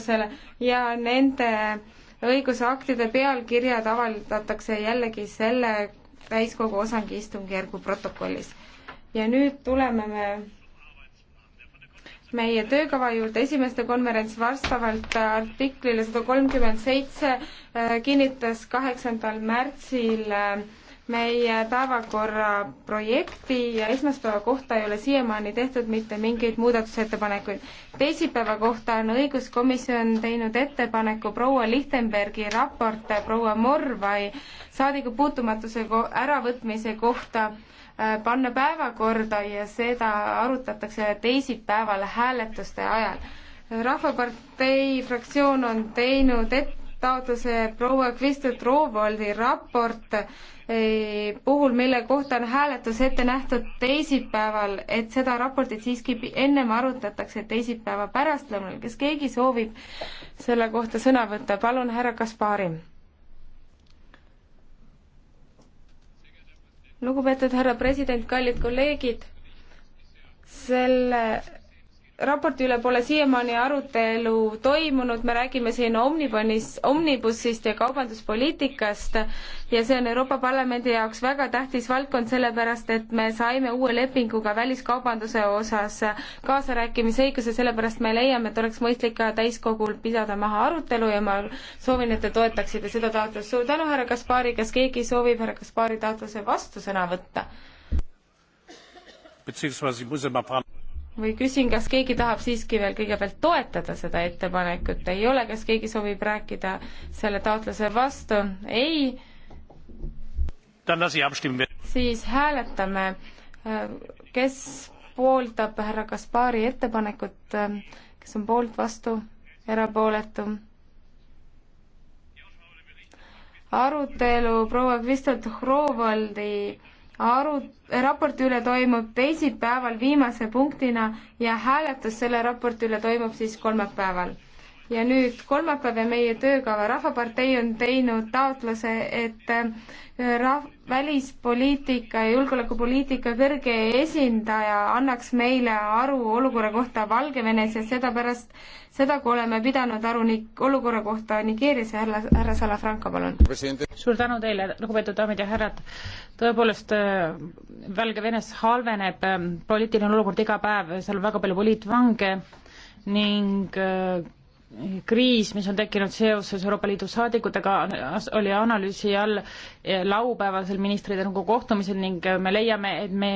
selle ja nende õigusaktide pealkirjad avaldatakse jällegi selle täiskogu osangi istungjärgu protokollis. ja nüüd tuleme me meie töökava juurde, esimeste konverents vastavalt artiklile sada kolmkümmend seitse kinnitas kaheksandal märtsil äh, meie päevakorra projekti ja esmaspäeva kohta ei ole siiamaani tehtud mitte mingeid muudatusettepanekuid. teisipäeva kohta on õiguskomisjon teinud ettepaneku proua Lichtenbergi raport proua Morvai saadikupuutumatuse äravõtmise kohta äh, panna päevakorda ja seda arutatakse teisipäeval hääletuste ajal. rahvapartei fraktsioon on teinud ette taotluse proua Kristel Roovaldi raport eh, puhul, mille kohta on hääletus ette nähtud teisipäeval, et seda raportit siiski ennem arutatakse teisipäeva pärastlõunal. kas keegi soovib selle kohta sõna võtta? palun, härra Kaspari. lugupeetud härra president, kallid kolleegid, selle raporti üle pole siiamaani arutelu toimunud, me räägime siin Omnibonis, Omnibussist ja kaubanduspoliitikast ja see on Euroopa Parlamendi jaoks väga tähtis valdkond, sellepärast et me saime uue lepinguga väliskaubanduse osas kaasarääkimisõiguse, sellepärast me leiame, et oleks mõistlik ka täiskogul pidada maha arutelu ja ma soovin, et te toetaksite seda taotlust. suur tänu, härra Kaspari, kas keegi soovib härra Kaspari taotluse vastu sõna võtta? beziehungsweise muss er mal fragen või küsin, kas keegi tahab siiski veel kõigepealt toetada seda ettepanekut, ei ole, kas keegi soovib rääkida selle taotluse vastu, ei. siis hääletame, kes pooldab härra Kaspari ettepanekut, kes on poolt, vastu, erapooletu? arutelu proua Kristel Hrovaldi aru, raporti üle toimub teisipäeval viimase punktina ja hääletus selle raporti üle toimub siis kolmapäeval ja nüüd kolmapäev ja meie töökava. rahvapartei on teinud taotluse, et äh, rahv-, välispoliitika ja julgeolekupoliitika kõrge esindaja annaks meile aru olukorra kohta Valgevenes ja seda pärast seda, kui oleme pidanud aru nii olukorra kohta Nigeerias ja härra, härra Salafranco, palun. suur tänu teile, lugupeetud daamid ja härrad. tõepoolest äh, Valgevenes halveneb äh, poliitiline olukord iga päev, seal on väga palju poliitvange ning äh, kriis, mis on tekkinud seoses Euroopa Liidu saadikutega, oli analüüsi all eh, laupäevasel ministrite nõukogu kohtumisel ning eh, me leiame, et me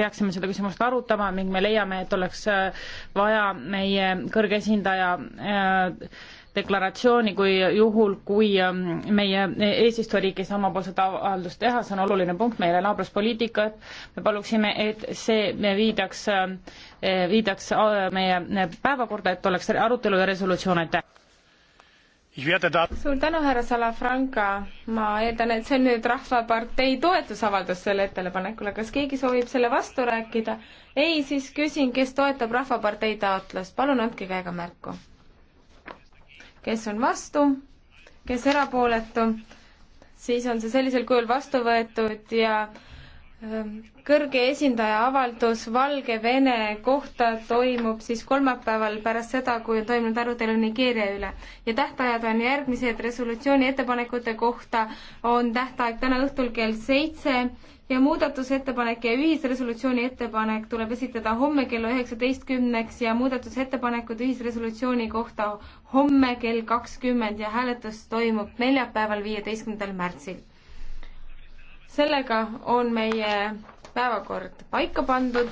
peaksime seda küsimust arutama ning me leiame, et oleks eh, vaja meie kõrge esindaja äh, deklaratsiooni kui juhul, kui ähm, meie eesistujariik ei saa omapoolset avaldust teha, see on oluline punkt meile naabruspoliitikat. me paluksime, et see viidaks, ähm, eh, viidaks äh, meie äh, päevakorda, et oleks arutelu ja resolutsioon, aitäh. suur tänu, härra Salafranca. ma eeldan, et see on nüüd Rahvapartei toetusavaldus selle ettepanekule. kas keegi soovib selle vastu rääkida? ei, siis küsin, kes toetab Rahvapartei taotlust. palun andke käega märku kes on vastu, kes erapooletu, siis on see sellisel kujul vastu võetud ja Ehm, kõrge esindaja avaldus Valgevene kohta toimub siis kolmapäeval pärast seda, kui on toimunud arutelu Nigeeria üle. ja tähtajad on järgmised, resolutsiooni ettepanekute kohta on tähtaeg täna õhtul kell seitse ja muudatusettepanek ja ühisresolutsiooni ettepanek tuleb esitada homme kella üheksateistkümneks ja muudatusettepanekud ühisresolutsiooni kohta homme kell kakskümmend ja hääletus toimub neljapäeval, viieteistkümnendal märtsil sellega on meie päevakord paika pandud.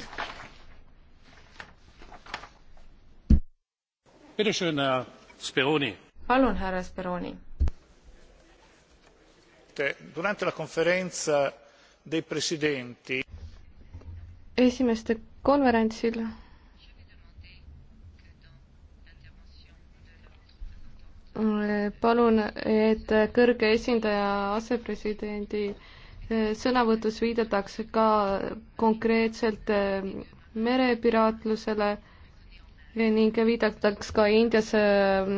palun, härra Speroni. Durante la conferenza dei presidenti esimeste konverentsil palun, et kõrge esindaja asepresidendi sõnavõtus viidatakse ka konkreetselt eh, merepiraatlusele ning viidatakse ka Indias eh,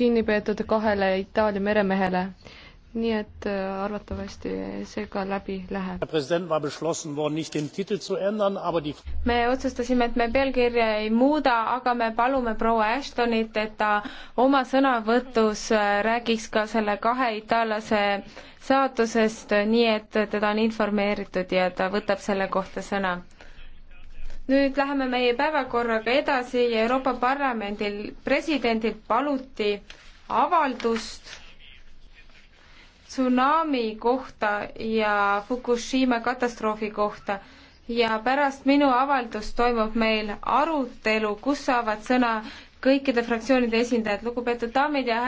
kinni peetud kahele Itaalia meremehele nii et äh, arvatavasti see ka läbi läheb. me otsustasime, et me pealkirja ei muuda, aga me palume proua Ashtonit, et ta oma sõnavõtus äh, räägiks ka selle kahe itaallase saatusest, äh, nii et teda on informeeritud ja ta võtab selle kohta sõna. nüüd läheme meie päevakorraga edasi ja Euroopa Parlamendil presidendilt paluti avaldust tsunami kohta ja Fukushima katastroofi kohta ja pärast minu avaldust toimub meil arutelu, kus saavad sõna kõikide fraktsioonide esindajad, lugupeetud daamid ja härrad.